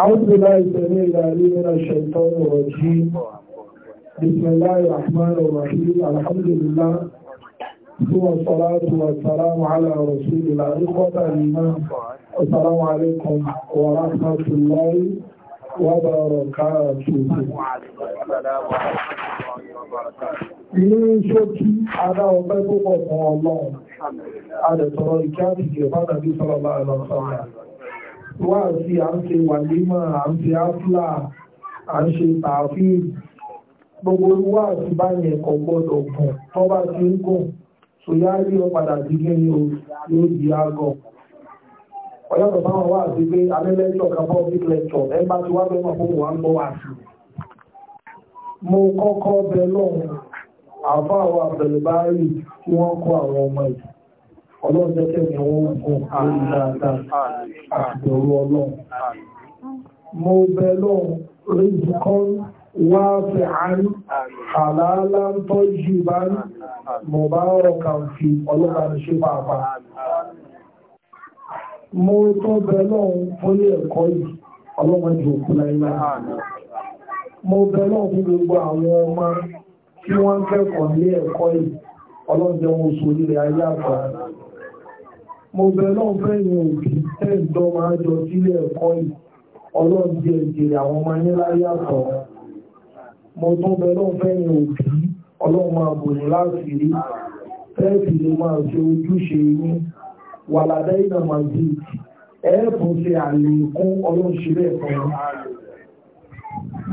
أعوذ بالله السميع العليم من الشيطان الرجيم بسم الله الرحمن الرحيم الحمد لله ثم الصلاة والسلام على رسول الله إخوة الإيمان السلام عليكم ورحمة الله وبركاته Ilé iṣẹ́ kí ará ọgbẹ́ púpọ̀ fún ọlọ́run, a lè tọrọ ìkẹ́ àti ìjẹ̀fà tàbí sọ́lọ́lá ẹ̀lọ́sọ́rọ̀ wá sí à ń ṣe wàlímọ̀ à ń ṣe áfúlà à ń ṣe tààfíì gbogbo wá sí báyẹn kò gbọdọ̀ gùn tó bá ti ń gùn sòyá rí ọ padà sí kí ni yóò di àgọ̀ ọ̀yọ́dọ̀ báwọn wá sí pé alẹ́lẹ́tọ̀ kan public lecture ẹ bá ti wá bẹ́ẹ̀ mọ̀ fún ń bọ̀ wá sí mo kọ́kọ́ bẹ lọ́hùn àfáà wa bẹ̀rẹ̀ báyìí tí wọ́n kọ́ àwọn ọmọ yìí ọlọ́jọ́ tẹ́mi wọ́n gùn lórí dáadáa àtìbẹ̀rù ọlọ́run mo bẹ lọ́run rizikọ́n wá fẹ́ àárín àlàálá ń tọ́jú bá ń mọ̀ bá ọ̀rọ̀ kan fi ọlọ́ba ní ṣe pàápàá mo tọ́ bẹ lọ́run fólé ẹ̀kọ́ yìí ọlọ́run jù òkú láíláà mo bẹ lọ́run fún gbogbo àwọn ọmọ tí wọ́n ń kẹ́kọ̀ọ́ ní ẹ̀kọ́ yìí ọlọ́run jẹun oṣù orílẹ̀ ayé àtọ̀run mo bẹ lọ́n fẹ́ yẹn òbí tẹ́ǹtọ́ máa jọ sílé ẹ̀kọ́ yìí ọlọ́run jẹ ìjèrè àwọn ọmọ yín láyé àtọ̀ mo tún bẹ lọ́n fẹ́ yẹn òbí ọlọ́run máa bò ní láti rí tẹ́ẹ̀tì lè máa ṣe ojúṣe yín wàlàdá ìnà màdì ẹ̀ẹ́bùn ṣe àlékún ọlọ́run ṣe bẹ́ẹ̀ fún yín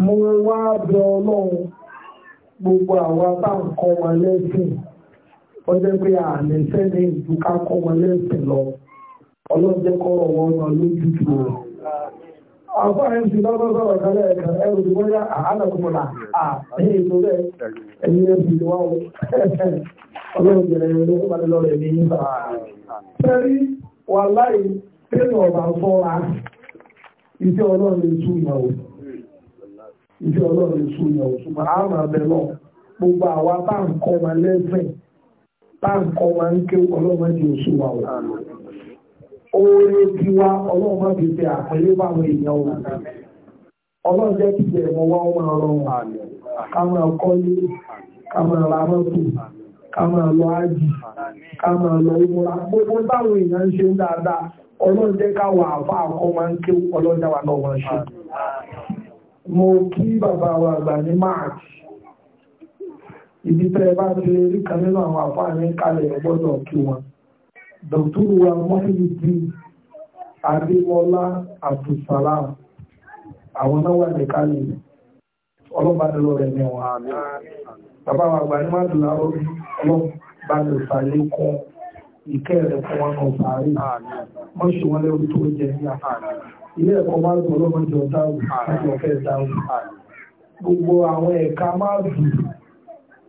mo wá bẹ ọlọ́run gbogbo àwọn táǹkọ́ wọn lẹ́sìn ọjọ́ pé àmì sẹ́ni ìlú ká kọ́ wọn lọ ọlọ́jẹ́ kọ́rọ̀ wọn lọ lójútù rẹ̀. àwọn ẹ̀mí bá bá sọ̀rọ̀ kálẹ̀ ẹ̀ka ẹ̀rù tí wọ́n yá àhánàkùnmọ̀lá àhìn ètò rẹ̀ ẹ̀yìn ẹ̀bí wá o gbogbo táǹkọ́ wa ń ké ọlọ́mọ ti oṣù wa o oore ti àpẹẹrẹ èèyàn o ọlọ́run jẹ́ kí ìbẹ̀rẹ̀ mọ́ wá wọn ká máa kọ́lé ká máa ra mọ́tò ká máa lọ ájì ká máa lọ ìmúra gbogbo táwọn èèyàn ṣe ń dáadáa jẹ́ máa ibi tẹ́ ẹ bá ti rí kan nínú àwọn àfáàní kalẹ̀ ọgbọ́dọ̀ kí wọn dọ̀túrù wa Muhyiddin adémọlá abdulsalam àwọn náà wà ní kalẹ̀ ọlọ́bàdìlọ rẹ̀ ní wọn àmì bàbá wa àgbà ní mádùlá ọlọ́bàdìlọ kún ìkẹ́ rẹ̀ fún wọn náà sàárè wọ́n ṣe wọn lẹ́rú tó jẹ ní àfáàní ilé ẹ̀kọ́ mádùlá ọlọ́bàdìlọ dáhùn àti ọ̀fẹ́ dáhùn gbogbo àwọn ẹ̀ka mádùlá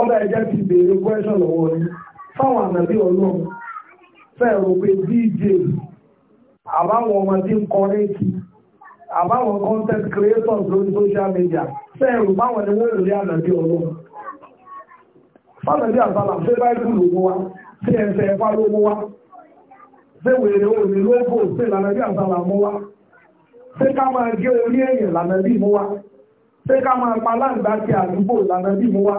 ọ̀dà ẹ̀jẹ̀ ti béèrè question lọ́wọ́ yín fáwọn ànàbí ọlọ́run fẹ́ẹ̀ rò pé dj àbáwọn ọmọ tí ń kọrin kí àbáwọn content creators lórí social media fẹ́ẹ̀ rò báwọn ni wọ́n rí ànàbí ọlọ́run fánàbí àsálà ṣé báyìí lòmú wa ṣé ẹsẹ̀ ẹ̀fà lòmú wa ṣé wèrè òní lóko ṣé lànàbí àsálà mú wa ṣé ká máa gé orí ẹ̀yìn lànàbí mú wa ṣé ká máa pa láǹgbá ti àdúgbò lànàbí mú wa.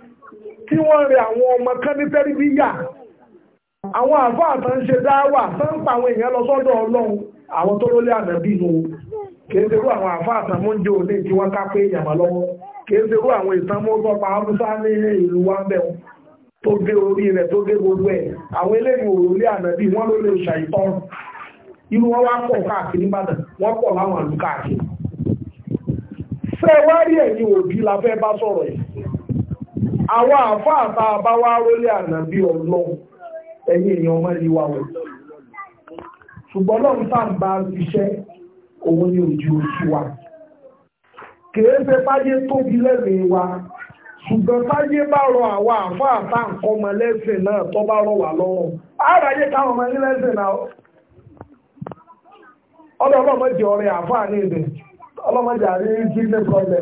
tí wọ́n rẹ àwọn ọmọ kan ní tẹ́rìbíyà àwọn àfọ́ àtàn ṣe dáwà tán pa àwọn èèyàn lọ sọ́dọ̀ ọlọ́run àwọn tó lólé àdàbí nù kéèzerú àwọn àfọ́ àtàn mú jẹ́ òní tí wọ́n ká pé ìyàmà lọ́wọ́ kéèzerú àwọn ìtànmú sọ́pa ábúsá ní ìlú wa ń bẹ̀ tó gé orí rẹ̀ tó gé gbogbo ẹ̀ àwọn eléyìí òrùlé àdàbí wọ́n ló lè irú wọn wá pọ̀ káàkiri la fẹ́ bá àwọn àfá àtà bá wá rólé ànàbí ọlọ́run ẹ̀yìn èèyàn ọmọ ìwà wọ̀ ṣùgbọ́n lọ́run tá ń bá iṣẹ́ òun ni òjì òṣù wa kìí ṣe báyé tóbi wa ṣùgbọ́n táyé bá rọ àwọn àfá àtà nǹkan ọmọ lẹ́sìn náà tó bá rọ wà káwọn ọmọ lẹ́sìn náà ọrẹ ní ibẹ̀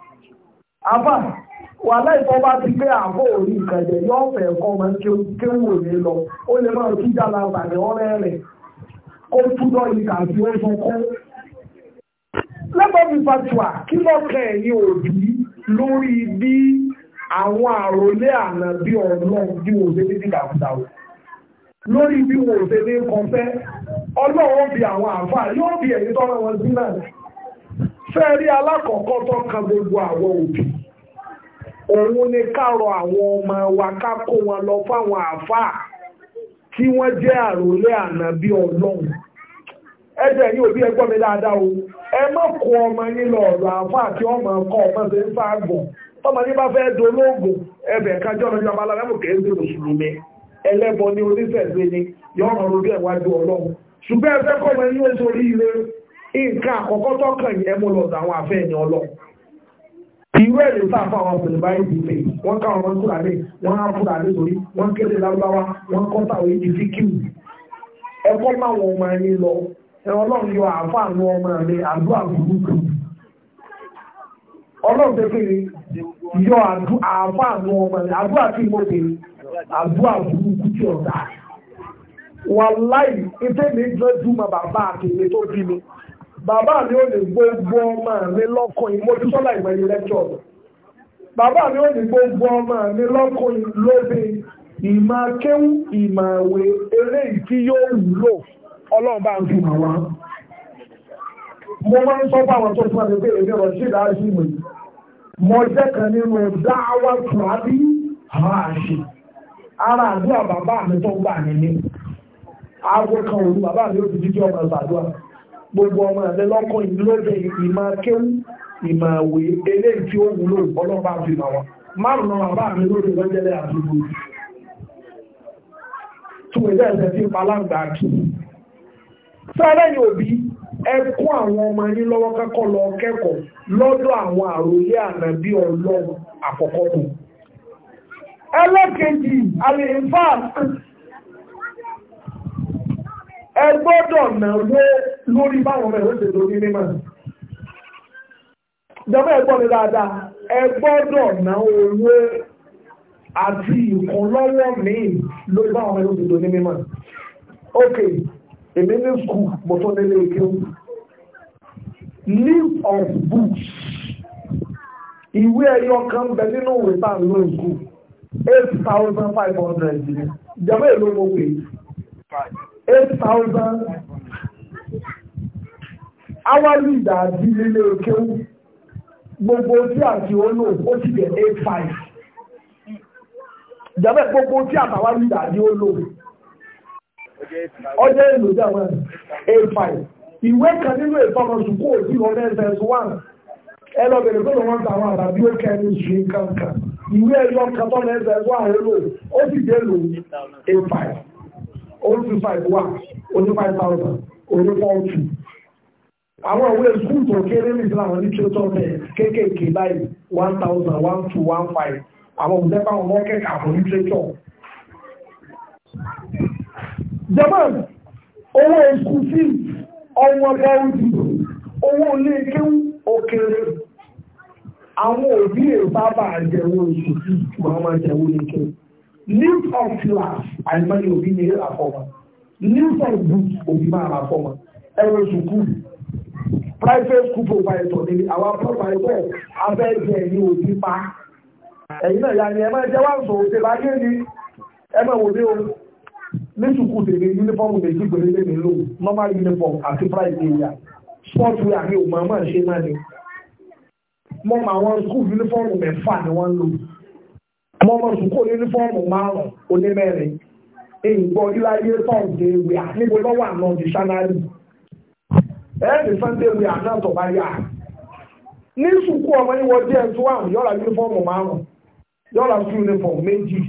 àbá wà láìpọ́ bá ti pé àbó orí ìkàjẹ̀ yóò fẹ́ ẹ̀kọ́ ọmọ tí ó wò ní lọ ó lè máa tún jà lára ní ọ̀rẹ́ rẹ̀ kó túbọ̀ ìkà tí ó sọ kó. lẹ́gbọ́n mi fatuwa kí lọ́kẹ́ ẹ̀yin òbí lórí bí àwọn àròlé àná bí ọ̀nà bí wò ṣe ní dìdàkudà o lórí bí wò ṣe ní kọfẹ́ ọlọ́run bí àwọn àfáà yóò bí ẹ̀yin tọ́rọ wọn sí náà fẹ́ rí alákọ̀ọ́kọ́ tó gbogbo àwọn òbí òun ni ká àwọn ọmọ wa ká kó wọn lọ fáwọn àáfàá tí wọ́n jẹ́ àròlé ànábí ọlọ́run ẹ̀jẹ̀ yìí òbí ẹgbọ́n mi dáadáa o ẹ má kó ọmọ yín lọ àáfàá tí ọmọ ọkọ ọmọ ṣe ń yín bá fẹ́ dolóògùn ẹbẹ̀ ọmọ mùsùlùmí ẹlẹ́bọ nǹkan àkọ́kọ́ tó kàn yẹ mú lọ́dọ̀ àwọn afẹ́ ẹni ọlọ́ irú ẹ̀ lè fàáfà àwọn ọkùnrin báyìí ti pè wọ́n ká àwọn fúra lé wọ́n á fúra lé sórí wọ́n kéde lárúbáwá wọ́n kọ́ta òye ti fi kíù ẹ̀kọ́ máwọn ọmọ ẹni lọ ẹ̀rọ náà yọ àáfàá àwọn ọmọ rẹ̀ àdúrà burúkú ọlọ́run tó kéde yọ àáfàá àwọn ọmọ rẹ̀ àdúrà tí mo pè àdúrà burúkú tí ọ̀dà wàláì ìfẹ́ mi jẹ́ dùmọ̀ bàbá àtẹ̀lẹ́ tó bí mi bàbá mi ò ní gbogbo ọmọ mi lọ́kùnrin mo ti sọ́lá ìgbà yìí lẹ́kọ̀ọ́ bàbá mi ò ní gbogbo ọmọ mi lọ́kùnrin lóde ìmọ̀ akéwù ìmọ̀ àwẹ̀ eléyìí tí yóò wúlò ọlọ́run bá ń fi mọ̀ wá mo máa ń sọ fún àwọn tó fún mi pé èmi rọ̀ sí ìdájú ìwé mo jẹ́ kan nínú dáwà tùràbí àṣì ara àdúrà bàbá mi tó gbà nílé aago kan òru bàbá mi ò ti jíjẹ́ ọmọ ìgbàdúrà gbogbo ọmọ rẹ lọ́kàn ìlóde ìmọ̀ kéwú ìmọ̀ àwè eléyìí tí ó wúlò ọlọ́ba fi mọ̀ wọn márùn-ún bàbá mi lóde lọ́jẹ́lẹ̀ àdúgbò tún ilé ẹ̀sẹ̀ tí palangba kì í sẹ́lẹ̀ yóò bí ẹ kó àwọn ọmọ yín lọ́wọ́ kẹ́kọ̀ọ́ lọ kẹ́kọ̀ọ́ ẹ gbọ́dọ̀ náwó lórí báwọn ọmọ ẹ̀rọ ṣètò ní mímọ̀ ìjọba ẹ̀gbọ́n mi dáadáa ẹ gbọ́dọ̀ náwó owó àti ìkúnlọ́wọ́ míì lórí báwọn ọmọ ẹ̀rọ ṣètò ní mímọ̀ ok èmi ní skul mo tó nílé ìkéwù leave of books ìwé ẹyọ kan bẹ nínú ìwé tá à ń lò ní eight thousand five hundred jẹ́ bẹ́ẹ̀ ló mọ̀ pé. thousand. hourly ìdàdí lílé kéwú gbogbo a àti olú ó ti jẹ́ 8,500 ìjọba gbogbo tí àtàwárí ìdàdí olú ọjọ́ èlò jẹ́wọ́n 8,500 ìwé kan nínú ìtọ́nà sùkú òsì ọdẹ ẹ̀sẹ̀sì 1 ẹlọ́bẹ̀rẹ̀ tó lọ́wọ́ tàwọn àràbí ó kẹ́ni o kankan ìwé ẹ̀yọ́ kan tọ́nà ẹ̀sẹ̀sì 1 ó sì jẹ́ lò 8,500 oní two five wà oní five thousand four two àwọn ìwé skul tó kéré ní ìsìlámù ní tí ó tọ́ bẹ́ẹ̀ kéékèèké báyìí one thousand one two one five àwọn kẹ́kẹ́ àbọ̀ ní sí ọwọ́ bọ́ọ̀dì owó ilé lift of flowers àìmọye òbí ni ẹ rà fọmọ lift of books òbí máa rà fọmọ ẹ̀rọ sùkúlù private school provider ni àwọn provider abẹ́jẹ́ ẹ̀yìn òbí pa ẹ̀yìn náà yàrá ẹ̀ máa jẹ́ wá sọ̀rọ̀ ṣe láyé ni ẹ Emma will ní o ní sùkú the uniform méjì pẹ̀lú in the lò normal uniform at the price area Sports wear mi ò máa máa ṣe máa ni mo mọ school uniform mẹ́fà ni wọ́n one lò àwọn ọmọ ìsìnkú onífọ́ọ̀mù márùn-ún onímẹ́rin ìgbọ́ iláyé sọ́ọ̀dé ìwé níbo lọ́wọ́ àná dìṣánárì ẹ̀ẹ́dì sunday ìwé àná tó yá ní sùkú ọmọ yìí wọ́n díẹ̀ tó àrùn yọ́ra yúnífọ́ọ̀mù márùn-ún yọ́ra yúnífọ́ọ̀mù méjì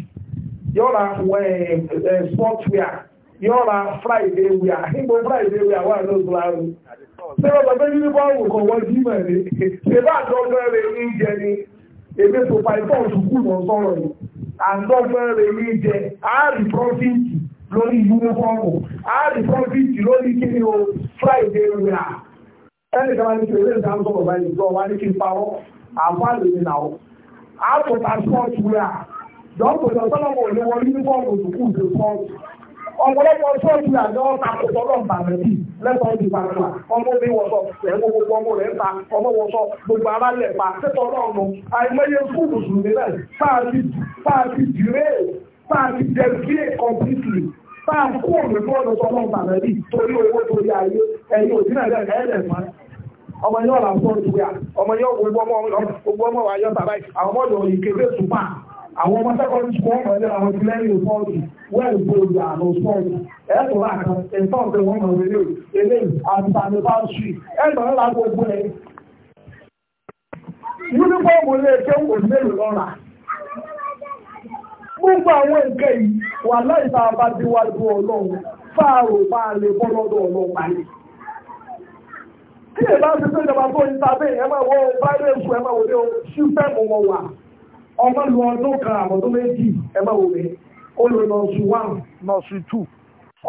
yọ́ra eh, eh, sportwear yọ́ra friday wear níbo friday wear wà ló gbọ́rọ̀ ṣé wọ́n sọ pé yúnífọ́ọ̀mù kò wọ́n jí èmi tó pa ìtọ́ òṣùkú lọ sọ̀rọ̀ yìí àǹdọ́gbọ́n rẹ̀ ní jẹ àárí prọ́fíìtì lórí yúnífọ́ọ̀mù àárí prọ́fíìtì lórí kíni o friday rà ẹnì kan ní kìlẹ̀ ìdá ń sọ̀rọ̀ báyìí lọ wá ní kí n parọ́ àfáàlè mi nà ó àtúntà spọ́ọ̀tù rà dọ́kùnrin ọ̀sọ́lọ́mọ̀ òní wọ yúnífọ́ọ̀mù òṣùkú ìdè spọ́ọ̀tù ọ̀pọ̀lọpọ̀ spọ́ọ̀tù rà ní ọ̀tà kòtọ́lọ̀ bàbẹ̀ bíi lẹ́tọ̀ ọdún pàtàkì ọmọ bí wọ́sọ ẹ̀wọ́ gbogbo ọmọ rẹ̀ ń ta ọmọ wọ́sọ gbogbo ara lẹ̀ pa tẹ́tọ̀ náà nù àìmọye fúùdù sùn nílẹ̀ páàkì dìré páàkì dẹ̀gbé completely páàkì kú òmìnir fún ọdún tó lọ́n bàbá bí torí owó torí ayé ẹ̀yìn òdì náà lẹ́ẹ̀ ẹ̀ẹ́dẹ̀ mọ́ ọmọ yóò là ń fọ́ ìdúgbò yà ọmọ yóò gbogbo ọmọ wa yọ bàbá yìí àwọn ọmọdé òyìn kéré tùpá àwọn ọmọ sẹ́kọ̀ọ́ ti kọ́ ọmọ ẹ̀dẹ̀ àwọn ìpínlẹ̀ yìí fọ́ọ̀tù wẹ́ẹ̀ gbòòdì àná fọ́ọ̀tù ẹ̀rọ wà kan ẹ̀tọ́ pé wọ́n mọ̀ wẹ́lẹ́ o eléyìí àtàlẹ́ bá ń sùn ẹ̀rọ ńlá gbogbo ẹ̀. yúnífọ́ọ̀mù lè ké wò mélòó lọ́ra. gbogbo àwọn nǹkan yìí wà láì tá a bá díwájú ọlọ́run fáàrò máa lè bọ́ lọ́dọ̀ ọlọ́pàá yìí. kí èèyàn bá ti pé ìjọba tó ń tàbí ẹ máa wọ báyìí èṣù ẹ máa wọlé o sísẹ́ẹ̀mù wọn wà ọmọ lu ọdún kan àbọ̀dún méjì ẹ máa wọlé ó lè nọ̀ọ̀sù one nọ̀ọ̀sù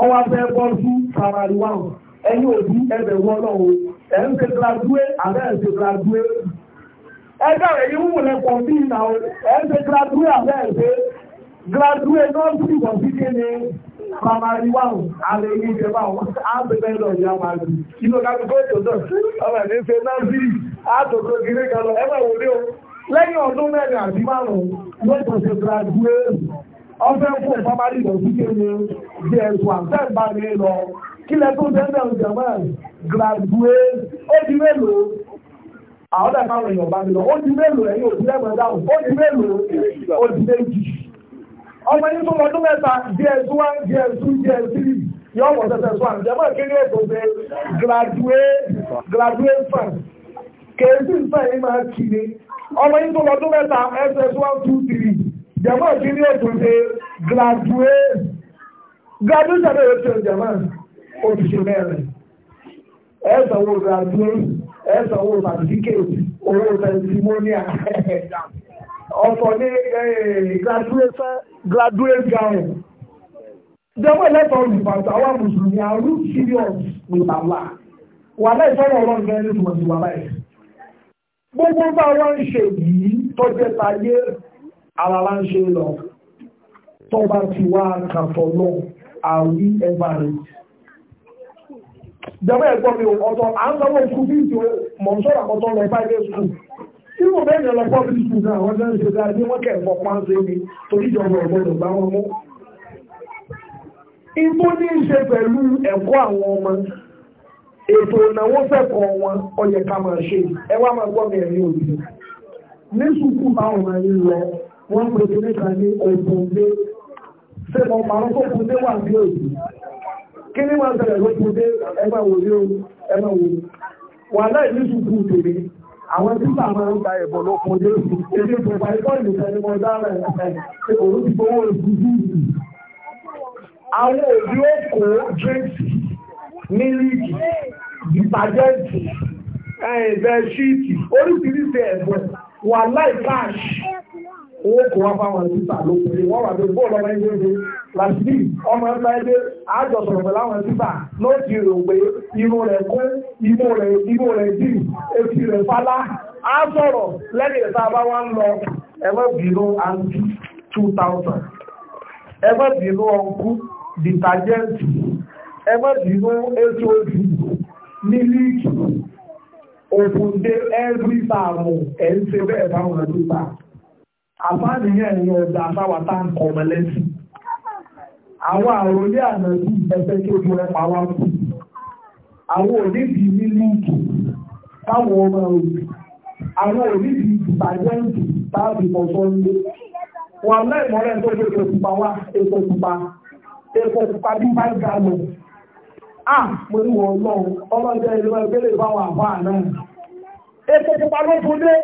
ọwọ́ abẹ́ bọ́ sí primary one ẹ̀yin òbí ẹbẹ̀ wọ́n náà o ẹ̀ ń ṣe graduate àbẹ́ ẹ̀ ṣe graduate ẹgbẹ́ rẹ̀ yìí wù lẹ́pọ̀ bí i náà ẹ̀ ń ṣe graduate àbẹ́ ẹ̀ ṣe graduate náà sì wọ̀ sí kí ni primary one alẹ́ yìí ìjọba àwọn àbẹ̀bẹ̀ lọ ní àwọn àgbẹ̀ inú kákòókò ìtòdò ọmọ ẹ̀ ní ṣe náà lẹ́yìn ọdún mẹ́rin àti ún ló ṣe graduate ọfẹ́ fún ìfọ́márì lọ sí kí ni js one fẹ́ bá mi lọ kí lẹ tó tẹ́lẹ̀ ọjà máa graduate ó di mélòó àwọn ọ̀dà ìfọ̀mọ̀ èèyàn bá mi lọ ó di mélòó ẹ̀yìn òbí lẹ́gbẹ̀ẹ́ dáhùn ó di mélòó ó di méjì ọmọ yìí tó lọ́dún mẹ́ta js one js two js three yọ wọ̀ tẹ̀tẹ̀ sọ àǹjẹ́ mọ́ kí ni ètò ṣe graduate graduate fan kèésì fan yìí máa kiri ọmọ yìí tó lọ́dún mẹ́ta ss one jẹ̀mọ́ kí ní ètò ṣe graduate graduation lè ṣe jẹ̀mọ́ òṣìṣẹ́ mẹ́rin ẹ̀sọ̀wọ́ graduate ẹ̀sọ̀wọ́ certificate owó testimonial ọ̀sọ̀ ní graduate gown jẹ́mọ́ ẹlẹ́tọ̀ olùbàdàn àwọn mùsùlùmí are you serious with Allah wà láì sọ́rọ̀ ọlọ́run gẹ́gẹ́ ní tùmọ̀ sí wà láì gbogbo bá wọn ń ṣe yìí tọ́jẹ́ tayé ara lá ń ṣe lọ tó bá ti wá kàfọ́ lọ àrí ẹgbà rẹ̀ jẹ́mọ́ ẹ̀gbọ́ mi ọ̀tọ̀ à ń sanwó ikú bí ìdí mọ̀nsọ́rọ̀ àkọ́tọ́ lọ private school tí mo bẹ́ẹ̀ yẹn lọ public school náà wọ́n jẹ́ ń ṣe dáa ní wọ́n kẹ̀kọ́ pàǹsẹ̀ mi torí ìjọba ọ̀gbọ́dọ̀ bá wọn mú ibo ní í ṣe pẹ̀lú ẹ̀kọ́ àwọn ọmọ ètò ìnáwó fẹ́kọ̀ọ́ wọn ọyẹ ká máa ṣe ẹ wá máa gbọ́ mi ẹ̀rín òbí ní sùkúù báwọn máa ń lọ wọ́n pè ní nípa ní òkúndé ṣé mo máa ń kókúndé wà ní òjì kí ni wọ́n bẹ̀rẹ̀ lókúndé ẹgbẹ́ wò ní ohun ẹgbẹ́ wò wà láì ní ṣùkú tèmi àwọn tí bàbá ń gba ẹ̀bọ̀ lókúndé èdè ìpòpà ikọ́ ìlúfẹ́ ni wọ́n dára ẹ̀ òun ti fowó oṣù yìí àwọn òbí ó kó drinks mílíkì dìpàjẹ́ǹtì ẹ̀ẹ́dẹ̀ ṣíìtì oríṣiríṣi ẹ̀bọ̀ wà láì káàṣì owó kò wá fáwọn títà lókùnrin wọ́n wà pé bóòlù ọmọ ẹgbẹ́ ṣe làṣìlì ọmọ ẹgbẹ́ ẹgbẹ́ àjọ sọ̀rọ̀ pẹ̀lú àwọn títà ló ti rò pé imú rẹ̀ kún imú rẹ̀ imú rẹ̀ dì etí rẹ̀ fálá á sọ̀rọ̀ lẹ́yìn ìta bá wá ń lọ ẹgbẹ́ bìnú àǹtí two thousand ẹgbẹ́ bìnú ọ̀nkú dìtàjẹ́ǹtì ẹgbẹ́ bìnú ètò òbí mílíìkì òfòǹde ẹgbẹ́ ìta àrùn ẹ̀ ń ṣe bẹ́ẹ̀ báwọn ẹ̀ àfáàníyàn ẹ̀yìn ọ̀dà àbáwà tá ń kọ̀ mọ́lẹ́sì àwọn àròlé ànàbí ẹgbẹ́ tó ju ẹ pàwá kù àwọn onídìí mílíìkì táwọn ọmọ òbí àwọn onídìí ìbàjẹ́ǹtì táàbì bọ̀sọ́ ń lé wọn mẹ́rìnmọ́rẹ́ tó gbé epo pupa wá epo pupa epo pupa bí bá ń a lọ à mo ní wọn lọ ọlọ́jọ́ ìlú ẹgbẹ́ lè bá wọn àbá náà epo pupa ló fún dé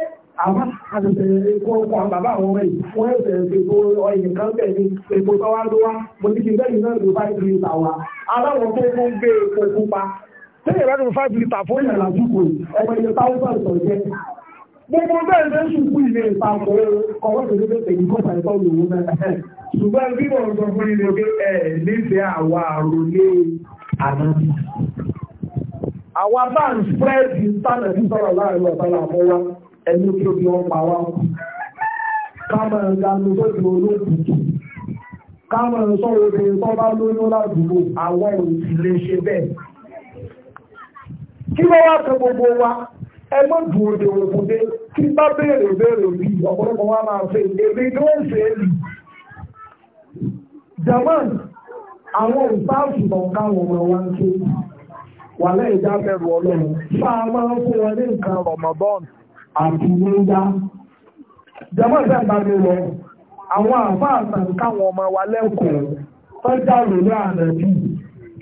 àwọn àtẹ̀tẹ̀ kó kan bàbá àwọn ọmọ yìí wọ́n yóò tẹ̀lé epo ọyìn kan bẹ̀ ní epo tọ́wá ló wá mo ti fi bẹ́ẹ̀ náà lò five litre wa aláwọ̀ tó tó gbé epo pupa. sẹ́yìn bá lò five litre fún ìyàrá àdúgbò ẹgbẹ́ iye táwọn sọ̀ jẹ́. gbogbo bẹ́ẹ̀ ló ń ṣubú ilé ìpapò kọ̀wé tó lè tẹ̀lé kó sàìtọ́ lòun náà. ṣùgbọ́n bí wọ́n sọ fún ilé pé ẹ̀ nífẹ̀ẹ́ àwa àròlé àná àwa bá ń spread the standard sọ̀rọ̀ láàrin ọ̀tá làmúwa ẹni tó bí wọn pa wá kámọ̀ ìdánù tó di olóòtútù kámọ̀ sọ̀rọ̀ òde tó bá lóyún ládùúgbò àwọn òsì lè ṣe bẹ́ẹ̀. kí ló wá kan gbogbo wa ẹ mọ̀ dùn òde òkúté kí bá béèrè béèrè bí ọ̀pọ̀lọpọ̀ wa máa fẹ́ èmi ni ó ń fẹ́ lì. german àwọn ìsáàfù lọ́ka wọn wọn wá ń ké wàhálà ìdábẹ̀rù ọlọ́run fáwọn máa ń fún wọn ní nǹkan rọ̀mọ̀bọ́ọ̀nù àti léyá jẹmọ́ ìfẹ́ǹbá mi àwọn àfáàtàn káwọn ọmọ wa lẹ́kọ̀ọ́ tọ́jà lórí ànàbí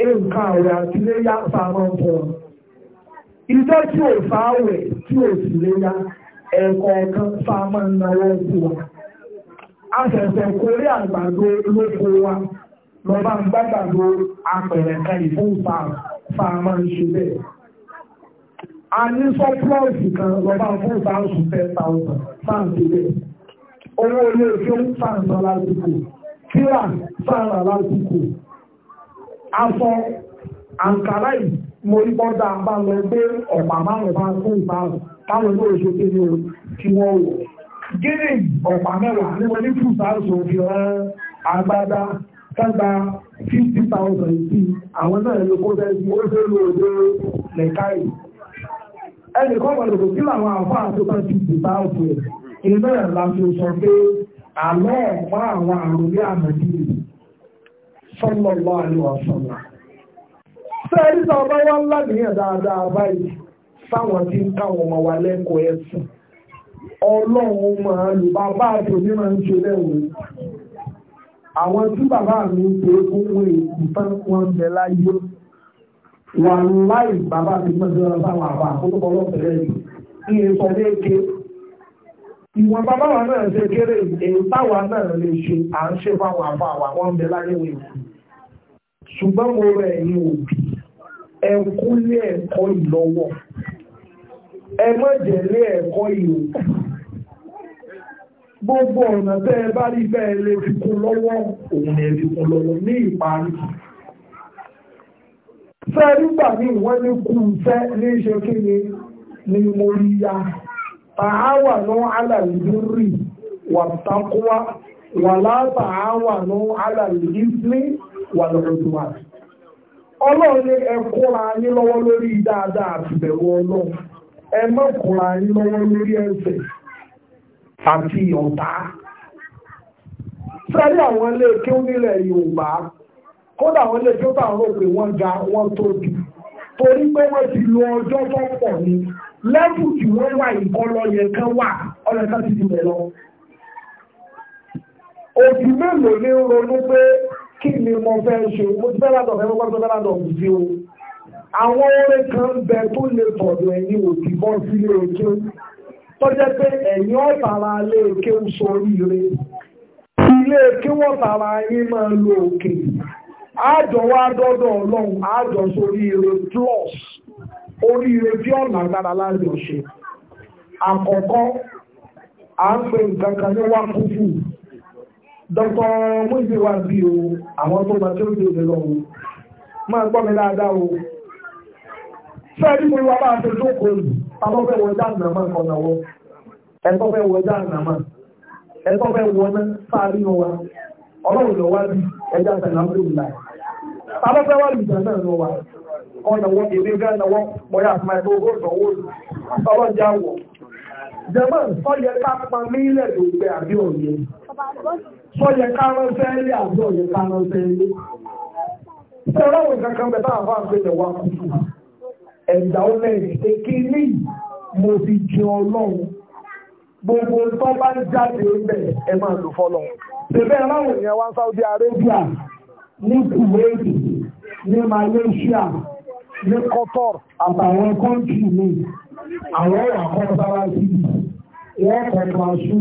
nǹkan àwẹ̀ àti léyá fáwọn pọ̀ tí ò fáwẹ̀ tí sì léyá ẹ̀kọ́ wa àgbàdo lóko wa ń gbàgbàdo a ní sọ́pọ̀lọ́sì kan lọ́ba fún ìtàǹsù ten thousand sáǹtì rẹ̀ owó ilé ìfẹ́ sáǹtì lásìkò kíra sáǹtì lásìkò aṣọ àǹkárá yìí mo rí bọ́dà bá lọ gbé ọ̀pá márùn-ún bá fún ìtàǹsù táwọn ilé oṣù tí mo ti mẹ́wàá fún ìtàǹsù òfin ọ̀rẹ́ agbádá àwọn náà ló kó fẹ́ sí ó fẹ́ lò ó ẹnì kan wọlé kò sí làwọn àǹfààní tó bá ti dìbà òkú ẹ̀ iná ẹ̀ la fi sọ pé àlọ́ ọ̀pá àwọn àròlé àmàdìrì sọ́lọ́lọ́ àríwá sọ́lá ṣé ẹni sọ ọba wa ńlá nìyẹn dáadáa báyìí sáwọn tí ń káwọn ọmọ wa lẹ́kọ̀ọ́ ẹ̀sìn ọlọ́run máa lù bàbá àtòmí máa ń ṣe lẹ́wọ̀n àwọn tí bàbá mi ń pe egungun èkú tán wọn bẹ láyé wà láì bàbá àti mọ́jọ́ ọ̀rọ̀ sáwọn àbá àkótópọ̀ lọ́pẹ̀lẹ́ yìí ní sọ léèké ìwọ̀n bàbá wa náà ṣe kéré èyí táwa náà lè ṣe à ń ṣe fáwọn àbá wa wọ́n bẹ láyé wò ó ṣùgbọ́n mo rẹ̀ ẹ̀yin òbí ẹ kúlé ẹ̀kọ́ ìlọ́wọ́ ẹ má jẹ̀lé ẹ̀kọ́ ìhòòkù gbogbo ọ̀nà tẹ́ ẹ bá rí bẹ́ẹ̀ lè fi kún lọ́wọ́ òun ẹ̀ fi kún lọ́wọ́ ní ìparí fẹ́ nígbà ní ìwọ́n ní kú fẹ́ ní ṣe kí ni ni mo rí ya tààwà náà alàlùdúrì wà takuwa wà látàáwà náà alàlùdísní wà lọ́dọ̀dọ̀wà ọlọ́run ní ẹ kóra yín lọ́wọ́ lórí dáadáa àtìbẹ̀wò ọlọ́run ẹ má kóra yín lọ́wọ́ lórí ẹ̀ṣẹ̀ àti ọ̀tá sẹ́rí àwọn ilé kí ó nílẹ̀ Yorùbá kódà wọn lè tó tàwọn rò pé wọ́n ga wọ́n tóbi torí pé wọ́n ti lo ọjọ́ tó pọ̀ ni lẹ́bù tí wọ́n wà ìkọlọ yẹn kan wà ọ̀nà kan ti dìbẹ̀ lọ. òbí mélòó ni ń ronú pé kí ni mo fẹ́ ṣe mo ti fẹ́ ládọ̀ fẹ́ lọ́gbọ́n tó fẹ́ ládọ̀ sí o. àwọn orin kan bẹ tó lè tọ̀dọ̀ ẹ̀yin òbí bọ́ sílé eke tọ́jẹ́ pé ẹ̀yin ọ̀tàrà lé eke ń sọ oríire ilé eke wọ̀tàrà yín máa lo òkè àjọ wa dọ́dọ̀ ọlọ́run àjọ sórí plus orí ire tí ọ̀nà agbára láàrin ọ̀ṣẹ́ àkọ́kọ́ à ń pè nǹkan kan ní wá kúfù dr mọ́ìsí wa bí o àwọn tó bá tí ó dé lọ́wọ́ máa gbọ́ mi dáadáa o fẹ́ẹ̀rí mo wá bá ṣe jókòó lù àwọn fẹ́ wọ dáàbò náà máa kọ̀nà wọ ẹ̀tọ́ fẹ́ wọ dáàbò náà máa ẹ̀tọ́ fẹ́ wọ náà sáà rí wọn ọlọ́run lọ wá bí ẹja àtàlà ń lòun láì tàbí fẹ́ wá lùjá náà lọ wá ọ̀nà wọn èdè gán náà wọ́n pọ̀yà àti máa gbogbo ìdánwò ọlọ́run já wọ̀ jẹ́mọ́ sọ́yẹ ká pọn nílẹ̀ lóògbé àbí òye sọ́yẹ ká ránṣẹ́ ilé àbí òye ká ránṣẹ́ ilé ṣé kankan bẹ̀ táwọn fáwọn pé lẹ́wọ́ kùtù ẹ̀dá ó lẹ́yìn èkéní mo fi jẹ ọlọ́run gbogbo tó bá jáde bẹ̀ ẹ máa lò fọ́lọ́run Bẹ̀bẹ̀ aláwọ̀ èèyàn wá Saudi Arabia ní Kuwait ní Malaysia ní Qatar àtàwọn kọ́ńtì ní àwọn àkọ́sára síbi wọ́n kọ̀ọ̀kan aṣú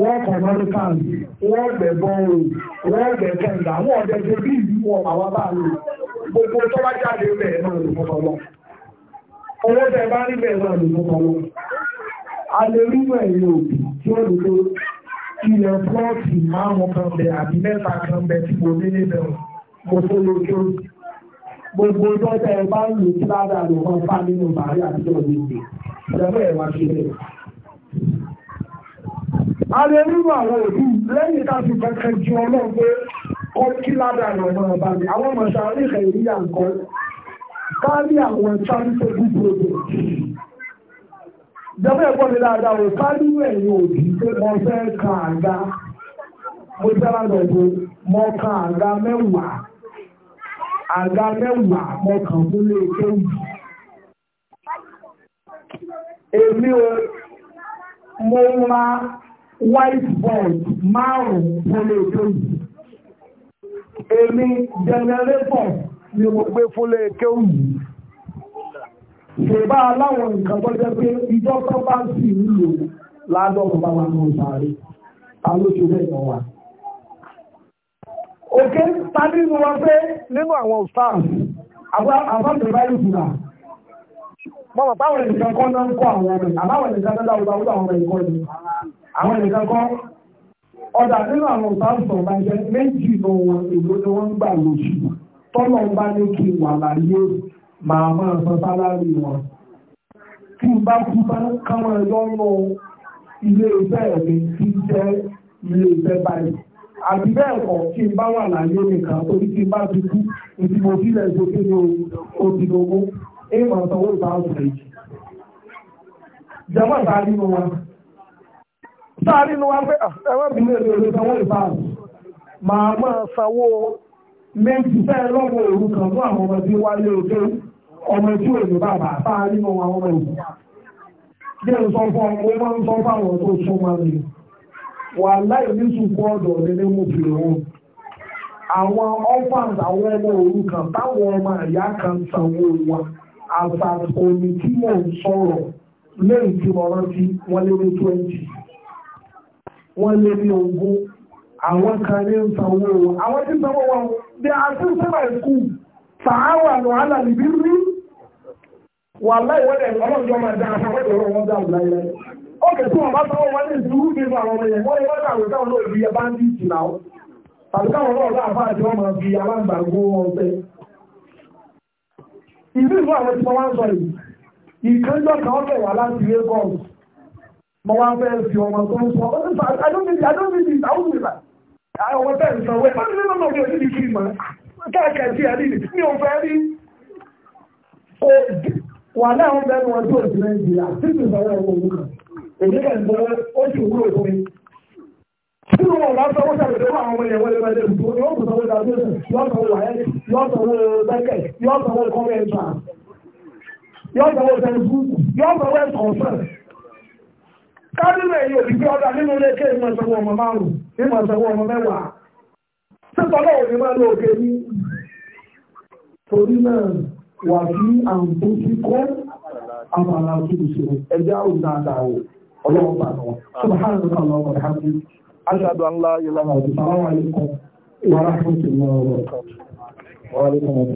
wọ́n kọ̀ọ̀kan wọ́n gbẹ̀bọ̀ òun wọ́n gbẹ̀kẹ̀ ìgbà wọ́n ọ̀dẹ̀dẹ̀ bí ìlú wọn àwọn bá lò gbogbo tó bá jáde bẹ̀rẹ̀ náà lè fọ́tọ̀lọ́ owó tẹ̀ bá ilẹ̀ plọ́ọ̀tì márùn kan bẹ̀ àbí mẹ́ta kan bẹ̀ tí mo nílé bẹ̀rù mo tó lójú gbogbo dọ́tẹ̀ ẹ bá ń lò tí lára lò wọn fá nínú bàárẹ̀ àtijọ́ mi gbè ìjọba ẹ̀ wá ṣe bẹ́ẹ̀. a lè nínú àwọn òbí lẹ́yìn káfí kankan ju ọlọ́run pé ó kí lára lò wọn bá mi àwọn ọmọ sàárè kẹ̀yìn yà ń kọ́ kárí àwọn charitable project jọba ẹ̀kọ́ mi dáadáa o kálíwò ẹ̀yìn òbí pé mo fẹ́ kan àga mo sábà lọ bó mo kan àga mẹ́wàá àga mẹ́wàá mo kàn fún lé kéwì. èmi o mo ra whiteboard márùn-ún fún lé kéwì. èmi jẹnẹrétọ̀ ni mo gbé fún lé kéwì yìí ṣèbá aláwọn nǹkan tó jẹ́ pé ìjọ tó bá sì ń lò ládọ́rùn bá wà ní ìsàárè ta ló ṣe bẹ́ẹ̀ náà wà. òkè ta nínú wọn pé nínú àwọn stars àbábẹ̀rẹ̀ ìfura mọ́ mọ̀ táwọn ènìyàn kan náà ń kọ́ àwọn ọmọ àbáwọn ènìyàn kan dáwọ́ dáwọ́ àwọn ẹ̀kọ́ ni àwọn ènìyàn kan ọ̀dà ń gbà lóṣù tọ́lọ̀ ń bá ní kí wà láyé màá máa san sálárì wọn tí n bá kú bá káwọn lọ́nà ilé iṣẹ́ mi ti jẹ́ ilé iṣẹ́ báyìí àti bẹ́ẹ̀ kọ́ kí n bá wà láyé nìkan torí kí n bá ti kú ìdí mo sílẹ̀ sókè ní òdìdógó èèmọ̀ sanwó ìbáwọ̀ méjì jẹ́mọ̀ ìbáwọ̀ nínú wọn sáàrí ni wọ́n pẹ́ ẹwọ́bìnrin èrè èrè sanwó ìbáàmù máa mọ́ sanwó méjì fẹ́ lọ́wọ́ òru kan fún àwọn ọmọ tí wáyé òkè ọmọ tí ò ní bàbá sáà nínú àwọn ọmọ ìlú jẹ́ ń sọ fún ọmọ wọn ń sọ fún àwọn tó sún wọn ni wà láì ní sùkú ọ̀dọ̀ ní ní mo fi wọn àwọn orphans àwọn ọmọ òrukàn táwọn ọmọ àyà kan sanwó wọn àtàkùn omi tí mò ń sọ̀rọ̀ lẹ́yìn tí mo rántí wọ́n lé ní twenty wọ́n lé ní ogún àwọn kan ní sanwó wọn àwọn tí sanwó wọn bí a ti ń sábà ẹ̀kú sàáwà lọ́hálà níbí rí wà láì wọ́n dẹ̀ ọlọ́jọ́ máa dáa fún ọ̀pọ̀ ọ̀rọ̀ wọn dáa láyé láyé. ó kẹ̀ tí wọ́n bá tọ́ wọn ní ìlú nínú àwọn ọmọ yẹn wọ́n ní wọ́n dàrú táwọn náà fi ẹbá ń dìtì náà tàbí káwọn náà bá àfáà tí wọ́n máa fi aláǹgbàgbó wọn fẹ́. ìlú ìlú àwọn tí wọ́n wá ń sọ yìí ìkánjọ́ kan ọ̀fẹ́ wà láti Lagos mo wá fẹ́ fi ọmọ tó ń sọ ọ́ ní sàá àdóbìnrin àdóbìnrin àwọn ìlà àwọn ọmọ bẹ́ẹ̀ ń sọ wẹ́ẹ́ bá nílé wà láwọn bẹ́ẹ̀ wọn tó ìdí nàìjíríà títí ọmọ òun kan èmi kàn ń bọ́ fún mi. tí wọn bá sọ wọn ṣàlùfẹ́ àwọn ọmọ yẹn wọlé wọlé ìdúró ni wọn kò sanwó ìdájọ́ yóò sanwó wáyé yóò sanwó yóò yóò yóò ọjà nínú ilé ọmọ márùn wà sí àǹtóṣíkọ́ àbàlá òṣèlú ẹjá òdáadáa ọlọ́wọ́ bá lọ subhanahu wa ta'ala alhamdu ashhadu an la ilaha illa allah wa rahmatullahi wa barakatuh